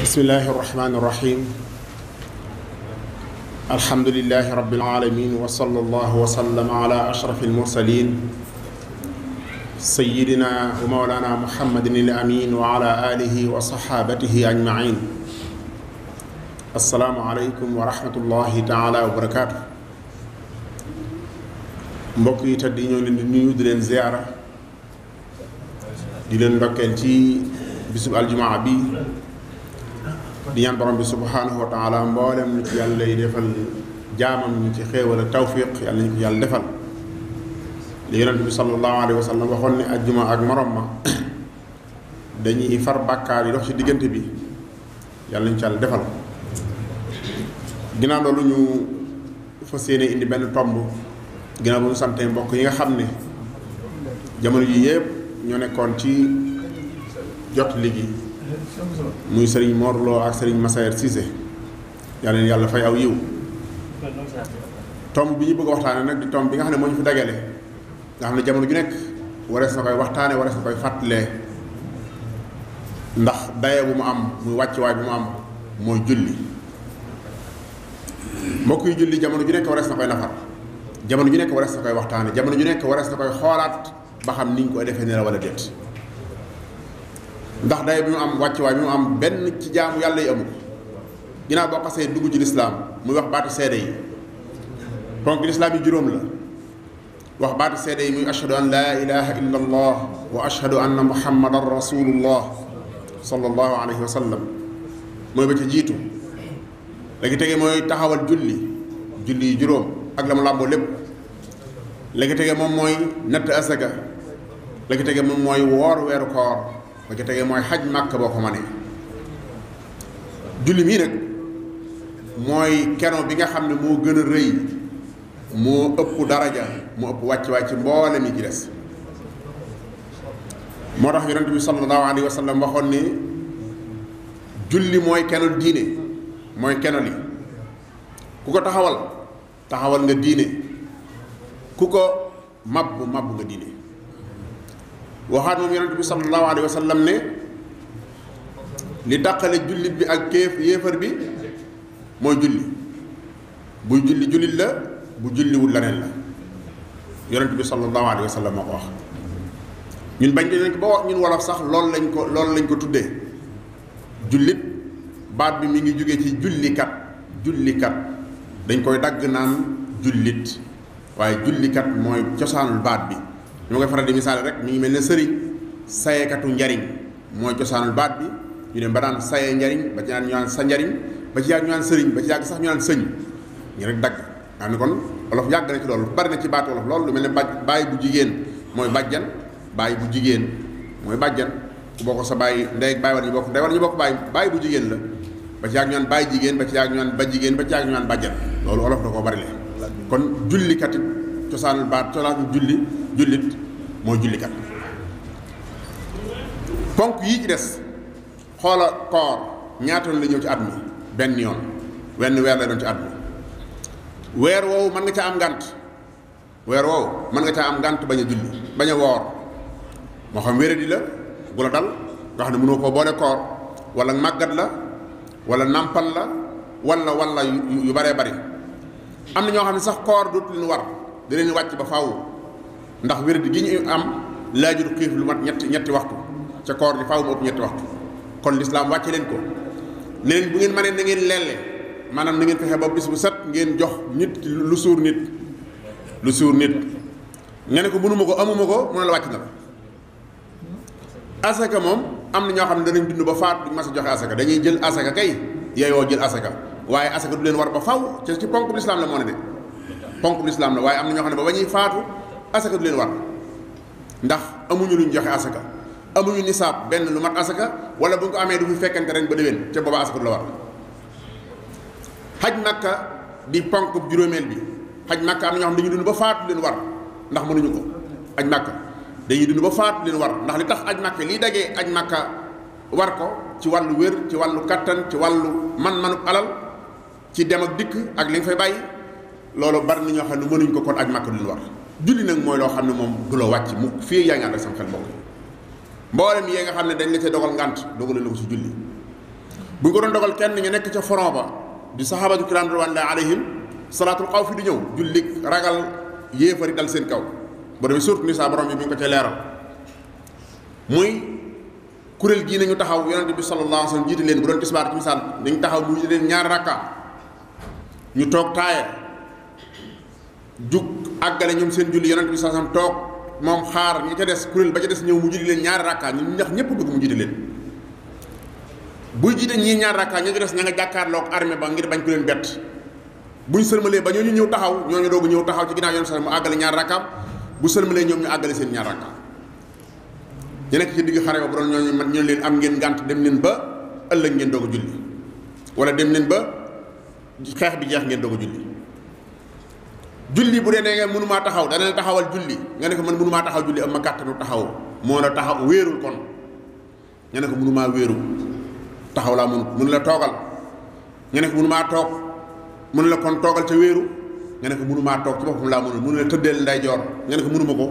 بسم الله الرحمن الرحيم الحمد لله رب العالمين وصلى الله وسلم على أشرف المرسلين سيدنا ومولانا محمد الأمين وعلى آله وصحابته أجمعين السلام عليكم ورحمة الله تعالى وبركاته مبكي yi tedd دلين زيارة دلين بكالتي di leen بي di borom bi subhaanahu wa taala mboolem nit yàlla yi defal jaamam ñu ci xéewal ak tawfiq yàlla ñu ko yàlla defal li yonent bi sallallahu alayhi wa sallam waxoon ne ak morom ma dañuy far bàkkaar yi dox ci diggante bi yàlla ñu ci yàlla defal ginnaaw loolu ñu fas yéene indi benn tomb ginnaaw ba ñu sante mbokk yi nga xam ne jamono ji yëpp ñoo nekkoon ci jot ligi muy sëriñ Mor Lo ak sëriñ Massaer Cissé yàlla leen yàlla fay aw yiw tomb bi ñu bëgg a waxtaane nag di tomb bi nga xam ne moo ñu fi dajale nga xam ne jamono ju nekk warees na koy waxtaane warees na ndax daye bu mu am muy wàccuwaay bu mu am mooy julli mbokk yu julli jamono ju nekk warees na koy nafar jamono ju nekk warees na koy waxtaane jamono ju nekk warees na koy xoolaat ba xam ni ñu koy defee ne la wala déet ndax day bi mu am wàccuwaay bi mu am benn ci jaamu yàlla yi amu ko ginnaaw boo xasee dugg ci lislaam muy wax baatu seede yi ponk lislaam yi juróom la wax baatu seede yi muy ashhadu an laa ilaha illa allah wa ashhadu anna muhammadan rasulullah sallallahu alayhi wa sallam mooy ba ca jiitu léegi tege mooy taxawal julli julli yi juróom ak la mu làmboo lépp léegi tege moom mooy natt asaka léegi tege moom mooy woor weeru koor ba ca mooy xaj màkk boo ko mënee julli mii nag mooy keno bi nga xam ne moo gën a rëy moo ëpp daraja moo ëpp wàcc-wàcc ci mboolem yi ci des moo tax yonent bi sallallahu alayhi wa sallam waxoon ni julli mooy kenol diine mooy kenol yi ku ko taxawal taxawal nga diine ku ko mabbu mabbu nga diine waxaat moom yonent bi sallallahu alayhi wa sallam ne li tàqale jullit bi ak kéef yéefar bi mooy julli buy julli jullit la bu julliwul leneen la yonent bi sallallahu alayhi wa sallam wax ñun bañ nañ ko ba wax ñun wolof sax lool lañ ko loolu lañ ko tuddee jullit baat bi mi ngi jóge ci jullikat jullikat dañ koy dagg naan jullit waaye jullikat mooy cosaanul baat bi ñu koy faral di misaale rek mi ngi mel ne sëriñ sayekatu njariñ mooy cosaanul baat bi ñu ne ba daan saye njariñ ba ci naan ñu naan sa njariñ ba ci yàgg ñu naan sëriñ ba ci yàgg sax ñu naan sëñ ñu rek dagg nga ni kon olof yàgg na ci loolu bari na ci baat olof loolu lu mel ne bàyyi bu jigéen mooy bàjjan bàyyi bu jigéen mooy bàjjan ku bokk sa bàyyi ndey ak bàyyi war ñu bokk ndey war ñu bokk bàyyi bàyyi bu jigéen la ba ci yàgg ñu naan bàyyi jigéen ba ci yàgg ñu naan ba jigéen ba ci yàgg ñu naan bàjjan loolu olof da koo bari le kon julli katit cosaanul baat cosaanul julli jullit mooy jullikat ponk yii ci des xoola koor ñaata la ñëw ci at mi benn yoon wenn weer la doon ci at weer woowu mën nga caa am ngànt weer woowu mën nga caa am ngànt bañ a julli bañ a woor moo xam wéradi la gu la dal nga xam ne mënoo koo boole koor wala màggat la wala nàmpal la wala wala yu baree bari am na ñoo xam ne sax koor dootu leen war di wàcc ba faw ndax wérdi gi ñu am laajul xiif lu mat ñetti ñetti waxtu ca koor gi faaw mu ëpp ñetti waxtu kon l'islam wàcce leen ko ne leen bu ngeen mënee na ngeen lelle manam na ngeen fexe ba bis bu set ngeen jox nit lu suur nit lu suur nit nga ne ko mënuma ko amuma ko mu la wàcc na asaka moom am na ñoo xam ne danañ dund ba faat duñ mas joxe asaka dañuy jël asaka kay yeeyoo jël asaka waaye asaka du leen war ba faw ci ci ponk lislaam la moo ne de ponk la waaye am na ñoo xam ne ba bañuy faatu asaka du len war ndax amuñu luñ joxe asaka amuñu nisab ben lu mat asaka wala bu ko amé du fi fekkante ren ba dewen ci baba asaka du la war haj makka di ponk juromel bi haj makka am na ñoo xam dañuy dund ba faatu len war ndax mënuñu ko haj makka dañu dund ba faatu len war ndax li tax haj makka li dajé haj makka war ko ci walu wër ci walu katan ci walu man-manu alal ci dem ak dik ak li nga fay bayyi lolu bar ni ñoo xam lu mënuñ ko kon ak makka lu war julli nag mooy loo xam ne moom du la wàcc mu fii yaa ngi ànd ak sam xel mbokk yi mboolem yee nga xam ne dañ la ca dogal ngànt dogalee la ko si julli bu ñu ko doon dogal kenn ñu nekk ca front ba di saxaabatu kiram radiyallaahu alayhim salaatul xawf di ñëw julli ragal yéefari dal seen kaw ba demee surtout ni saa borom bi mi ngi ko ca leeral muy kuréel gii nañu taxaw yonente bi sallallaahu alayhi wa jiite leen bu doon tisbaar ci taxaw mu jiite leen ñaari rakka ñu toog taaye àggale ñoom seen julli yonent bi saasam toog moom xaar ñi ca des kuréel ba ca des ñëw mu jiite leen ñaari rakkaa ñu ñax ñëpp dugg mu jiite leen buy jiite ñii ñaari rakkaa ñoo ca des ña nga jàkkaarloog armée ba ngir bañ ku leen bett buñ sëlmalee ba ñooñu ñëw taxaw ñu doogu ñëw taxaw ci ginnaaw yoon sa mu àggale ñaar rakkaam bu sëlmalee ñoom ñu àggale seen ñaar rakkaam ñu nekk ci digg xare ba bu doon ñooñu man ñu leen am ngeen gànt dem leen ba ëllëg ngeen doog a julli wala dem leen ba xeex bi jeex ngeen doog a julli julli bu dee nee nga mënuma taxaw da la taxawal julli nga ne ko man mënuma taxaw julli am ma taxaw mo la taxaw kon nga ne ko mënuma wéeru taxaw la mun mun la togal nga ne ko mënuma tok mun la kon togal ci wéeru nga ne ko mënuma tok ci boppam la mënul mun la nday jor nga ne ko mënuma ko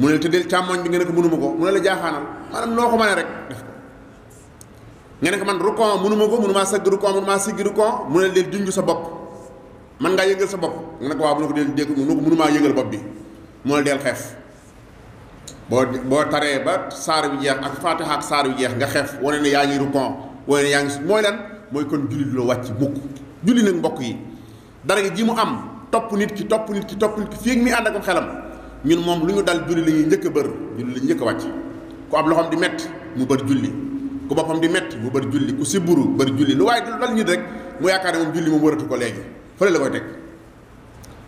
mun la teddel nga ne ko mënuma ko mun la manam noko mané rek nga ne ko man rukon mënuma ko mënuma sëgg rukon mënuma siggi rukon mun la del dundu sa bopp man nga yëngal sa bopp nga ko waaw bu ne ko del dégg mu ne ko mënumaa yëngal bopp bi mo del xef bo bo taré ba saar bi jeex ak fatiha ak saar bi jeex nga xef wane ne yaa rukon wane ne moy lan moy kon julit lo wacc bukk julit nak mbokk yi dara gi mu am top nit ki top nit ki top nit ki fii ak mi and ak xelam ñun mom luñu dal julit li ñuy njëkk a bër julli la ñuy njëkk a ku am loxoom di met mu bër julit ku bopam di met mu bër julit ku siburu bër julit lu way dal nit rek mu yaakaar mom julit mu moom wëratu ko légui fële la koy teg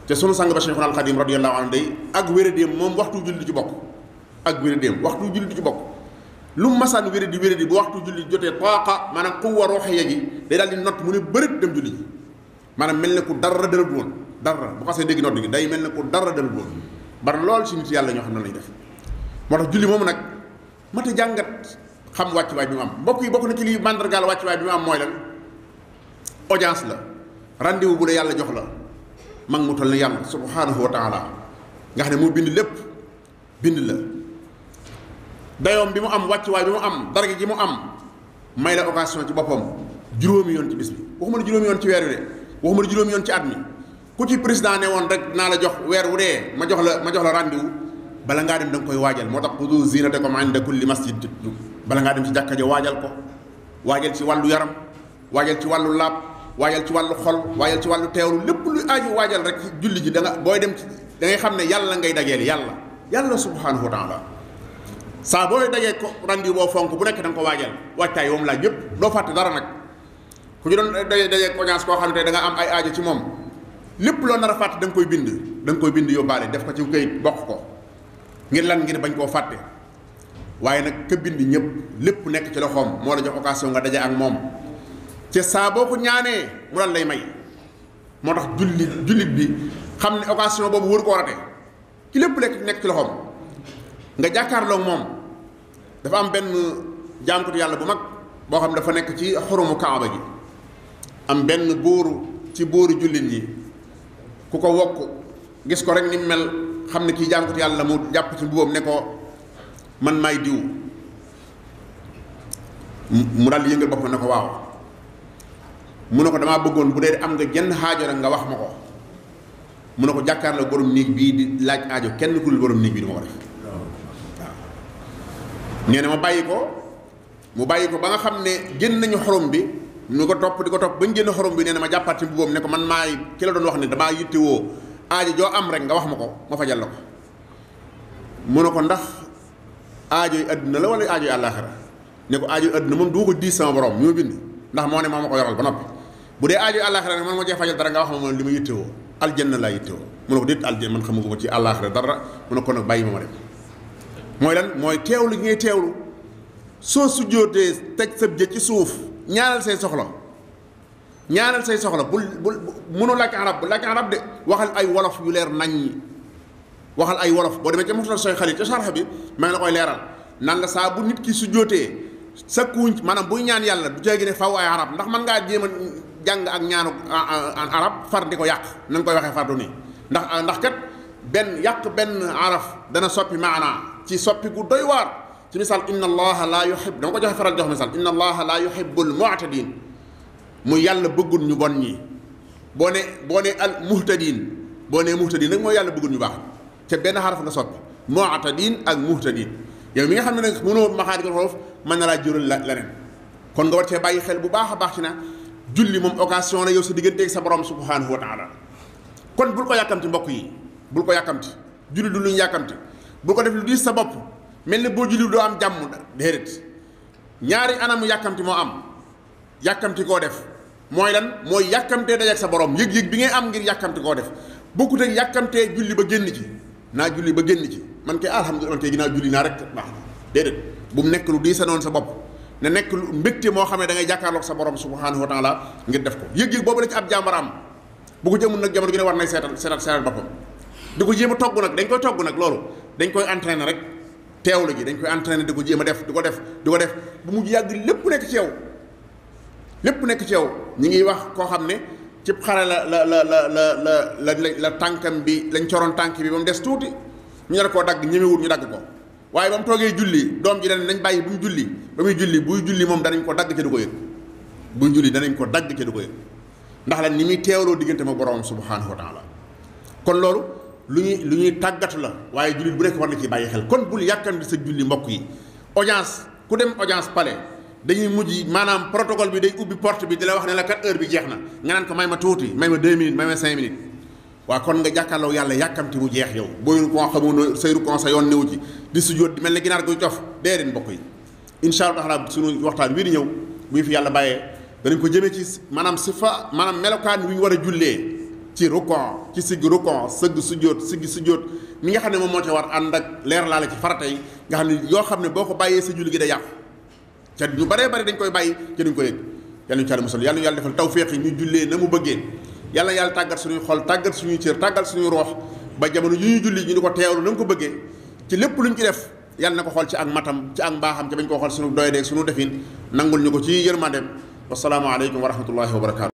te sunu sang ba Cheikhul Khadim radiyallahu anhu day ak wéradéem moom waxtu julli ci bokk ak wéradéem waxtu julli ci bokk lu mu masaan wéradi wéradi bu waxtu julli jotee taaqa maanaam quwwa ruhiyya gi day daal di nott mu ne bërit dem julli ji maanaam mel ne ku dara dara bu woon dara bu xasee dégg nodd gi day mel ne ku dara dara bu woon bari lool ci nit yàlla ñoo xam ne lañu def moo tax julli moomu nag mata jàngat xam wàcc waay bi mu am yi bokk na ci lii mandargaal wàcc waay bi am mooy lan la rendez-vous bu la yàlla jox la mag mu toll ni yàlla subhanahu wa taala nga xam ne moo bind lépp bind la dayoom bi mu am wàcc wàccuwaay bi mu am darage ji mu am may la occasion ci boppam juróomi yoon ci bis bi waxuma la juróomi yoon ci weer wi de waxuma la juróomi yoon ci at mi ku ci président ne woon rek naa la jox weer wu dee ma jox la ma jox la rendez bala ngaa dem da koy waajal moo tax xudu zinatakum inda kulli masjid bala ngaa dem ci jàkka ja waajal ko waajal waajal ci wàllu xol waajal ci wàllu teewlu lépp lu aaju waajal rek julli ji da booy dem ci da ngay xam ne yàlla ngay dajeel yàlla yàlla subhanahu wa taala saa booy dajee ko rendi boo fonk bu nekk da nga ko waajal waajtaay moom laaj yëpp doo fàtte dara nag ku ñu doon dajee dajee koñaas koo xam ne da nga am ay aajo ci moom lépp loo nar a fàtte da koy bind da nga koy bind yóbbaale def ko ci këyit bokk ko ngir lan ngir bañ koo fàtte waaye nag ka bind ñëpp lépp nekk ci loxoom moo la jox occasion nga dajee ak moom ca saa boo ko ñaanee mu dal lay may moo tax jullit jullit bi xam ne occasion boobu wër ko rate ci lépp lekk nekk ci loxoom nga jàkkaarloog moom dafa am benn jaamkatu yàlla bu mag boo xam ne dafa nekk ci xoromu kaaba gi am benn buuru ci buuru jullit yi ku ko wokk gis ko rek ni mel xam ne kii jaamkatu yàlla mu jàpp ci mbubbam ne ko man may diw mu dal yëngal boppam ne ko waaw mu ne ko damaa bëggoon bu dee am nga jenn xaajo rek nga wax ma ko mu ne ko jàkkaarloo borom néeg bii di laaj aajo kenn ku dul borom néeg bi du ma ko def waaw ma bàyyi ko mu bàyyi ko ba nga xam ne jën nañu xorom bi ñu ko topp di ko topp ba ñu génn xorom bi nee ma jàppaat ci ne ko man maay ki la doon wax ne damaa yittewoo aajo joo am rek nga wax ma ko ma fajal la ko mu ne ko ndax aajo yi àdduna la wala aajo yi àllaaxira ne ko aajo yi àdduna du ko diis sama borom ñu bind ndax moo ne moo ma ko yoral ba noppi bu dee aajo àllaaxira ne man ma cee fajal dara nga wax ma man li ma yittewoo aljanna laa yittewoo mu ne ko déet aljanna man xamaguma ci àllaaxira dara mu ne ko nag bàyyi ma ma dem mooy lan mooy teewlu gi ngay teewlu soo su jootee teg sa jë ci suuf ñaanal say soxla ñaanal say soxla bul bul mënu làkk arab bu làkk arab de waxal ay wolof yu leer naññi waxal ay wolof boo demee ca motal sooy xarit ca sarxa bi ma ngi la koy leeral nan la saa bu nit ki su jootee sa kuuñ maanaam buy ñaan yàlla du jéggi ne faw ay arab ndax man ngaa jéem a jàng ak ñaanu en arab far diko yak nang koy waxe fardu nii ndax ndax kat ben yak ben araf dana soppi maana ci soppi gu doy war ci misal inna allah la yuhib dama ko joxe faral jox misal inna allah la yuhibbul mu'tadin mu yàlla bëggul ñu bon ñi bone bone al muhtadin bone muhtadin nak mo yàlla bëggul ñu bax ci ben harf nga soppi mu'tadin ak muhtadin yow mi nga xamne nak mëno mënoo maxaarij al huruf man la jurul jural la leneen kon nga war cee bàyyi xel bu baaxa baax ci na julli moom occasion la yow sa digganteeg sa borom subhanahu wa taala kon bul ko yàkkamti mbokk yi bul ko yàkkamti julli du luñu yàkkamti bul ko def lu diis sa bopp mel ni boo julli doo am jàmm déedéet ñaari anamu yàkkamti moo am yàkkamti koo def mooy lan mooy yàkkamtee dajeeg sa borom yëg-yëg bi ngay am ngir yàkkamti koo def bokkut ak yàkkamtee julli ba génn ci naa julli ba génn ci man kay alhamdulilah man kay ginnaaw julli naa rek baax na bu mu nekk lu diis sa bopp ne nekk lu mbégte moo xam ne da ngay jàkkaarloog sa borom subhanahu wa taala ngir def ko yëg-yëg boobu la ci ab jàmbar am bu ko jëmul nag jamono ju ne war nay seetal seetal seetal boppam di ko jéem a togg nag dañ koy togg nag loolu dañ koy entraîner rek teewlu ji dañ koy entraîner di ko jéem a def di ko def di ko def bu mujj yàgg lépp nekk ci yow lépp nekk ci yow ñi ngi wax koo xam ne cib xare la la la la la la la la tànkam bi lañ coroon tànk bi ba mu des tuuti ñu ne koo dagg ñu ñemewul ñu dagg ko waaye ba mu toogee julli doom ji dañ nañ bàyyi bu julli ba muy julli buy julli moom danañ ko dagg ca ko yëg buy julli danañ ko dagg ca du ko yëg ndax la ni muy teewloo diggante ma borom subhanahu wa la kon loolu lu ñuy lu ñuy tàggatu la waaye jullit bu nekk war na ciy bàyyi xel kon bul yàkkamti sa julli mbokk yi audience ku dem audience palais dañuy mujj maanaam protocole bi day ubbi porte bi di wax ne kat heure bi jeex na nga naan ko may ma tuuti may ma deux minutes waa kon nga jàkkaarloo yàlla yàkkamti mu jeex yow booyul ko xamoo sayru kon sa yoon newu ji di su jóot mel ne ginaar guy cof déedéet mbokk yi incha allah taala sunu waxtaan wii di ñëw bu fi yàlla bàyyee danañ ko jëmee ci maanaam sifa maanaam melokaan wi ñu war a jullee ci rukon ci sigg rukon sëgg su jóot sigg su jóot mi nga xam ne moom moo ca war ànd ak leer laa la ci farata yi nga xam ne yoo xam ne boo ko bàyyee sa julli gi da yàqu ca ñu baree bari dañ koy bàyyi ca duñ ko yëg yàlla ñu ca musal yàlla ñu yàlla defal tawféex yi ñu jullee na mu bëggee yàlla yàlla tàggat suñuy xol tàggat suñuy cër tàggat suñuy roox ba jamono yu ñuy julli ñu di ko teewlu na nga ko bëggee ci lépp lu luñ ci def yàlla na ko xool ci ak matam ci ak mbaaxam ci bañ ko xool suñu doy deeg suñu defin nangul ñu ko ci yërmandeem wasalaamu aleykum wa rahmatullahi wa barakaatu